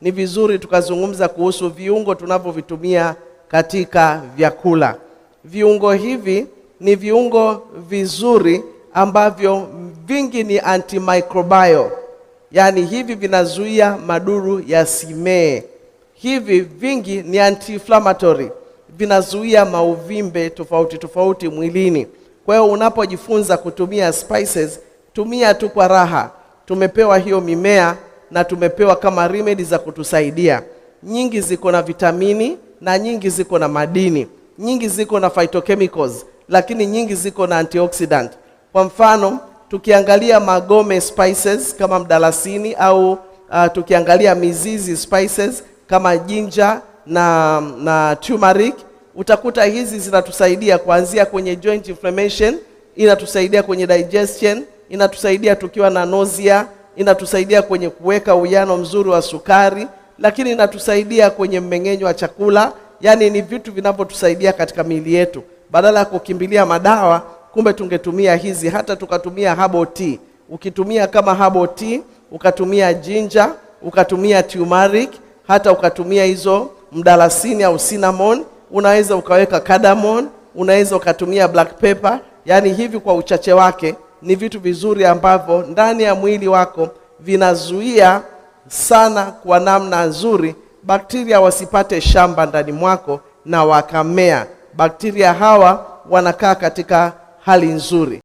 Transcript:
ni vizuri tukazungumza kuhusu viungo tunavyovitumia katika vyakula. Viungo hivi ni viungo vizuri ambavyo vingi ni antimicrobial, yaani hivi vinazuia maduru ya simee Hivi vingi ni anti-inflammatory, vinazuia mauvimbe tofauti tofauti mwilini. Kwa hiyo unapojifunza kutumia spices, tumia tu kwa raha. Tumepewa hiyo mimea na tumepewa kama remedy za kutusaidia. Nyingi ziko na vitamini na nyingi ziko na madini, nyingi ziko na phytochemicals, lakini nyingi ziko na antioxidant. Kwa mfano tukiangalia magome spices kama mdalasini au uh, tukiangalia mizizi spices kama ginger na, na turmeric utakuta hizi zinatusaidia kuanzia kwenye joint inflammation, inatusaidia kwenye digestion, inatusaidia tukiwa na nausea inatusaidia kwenye kuweka uwiano mzuri wa sukari, lakini inatusaidia kwenye mmeng'enyo wa chakula. Yaani ni vitu vinavyotusaidia katika miili yetu, badala ya kukimbilia madawa, kumbe tungetumia hizi, hata tukatumia herbal tea. Ukitumia kama herbal tea, ukatumia ginger, ukatumia turmeric, hata ukatumia hizo mdalasini au cinnamon, unaweza ukaweka cardamom, unaweza ukatumia black pepper, yaani hivi kwa uchache wake ni vitu vizuri ambavyo ndani ya mwili wako vinazuia sana kwa namna nzuri bakteria wasipate shamba ndani mwako na wakamea. Bakteria hawa wanakaa katika hali nzuri.